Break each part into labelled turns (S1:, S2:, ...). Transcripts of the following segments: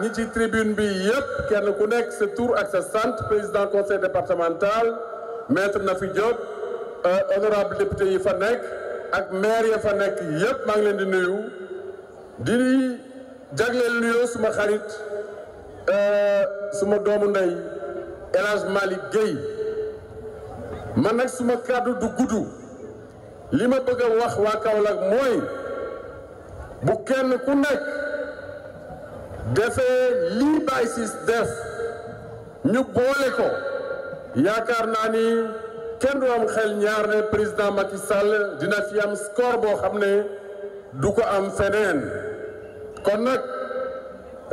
S1: nit ci tribune bi yëpp kenn ku nekk sa tour ak sa sant président conseil maitre na fi jot honorable député yi fa nekk ak maire ya fa nekk yëpp maa ngi leen di nuyu di jagleel nuyoo suma xarit euh, suma doomu ndey El Hadj Malick man nag suma kàddu du gudd li ma bëgg a wax waa Kaolack mooy bu kenn ku nekk defee li Baye Ciss def ñu boole ko yaakar na ni kenn du am xel ñaar ne président Macky Sall dina fi am score bo xam du ko am feneen kon nak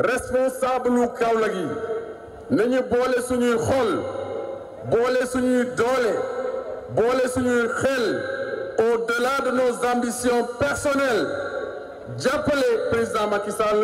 S1: responsable lu Kaolack yi nañu boole suñuy xol boole suñuy doole boole suñuy xel au-delà de nos ambitions personnelles jàppale président Macky Sall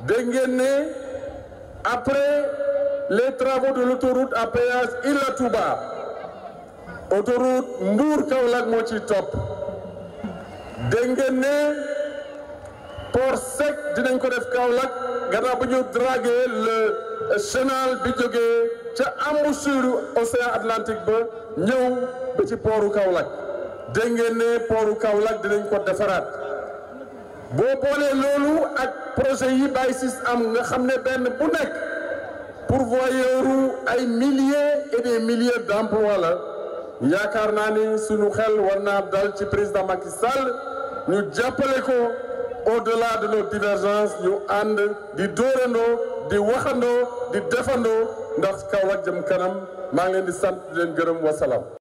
S1: dégg après les travaux de l'autoroute à péage Ila Touba autoroute Mbour Kaolack moo ci topp dégg ngeen port sec dinañ ko def Kaolack bu ñu draguer le chenal bi jógee ca embouchure océan Atlantique ba ñëw ba ci portu Kaolack dégg ngeen ne portu Kaolack ko bo bolé loolu ak projet yi Baye Ciss am nga xamné ben bu nekk pourvoyeur ay milliers et des milliers d'emplois la yaakaar na ni suñu xel war naa dal ci président Macky Sall ñu jàppale ko au-delà de nos divergences ñu and di dorando di waxando di defandoo ndax Kaolack jëm kanam ma ngi di sant di leen gërëm wasalaam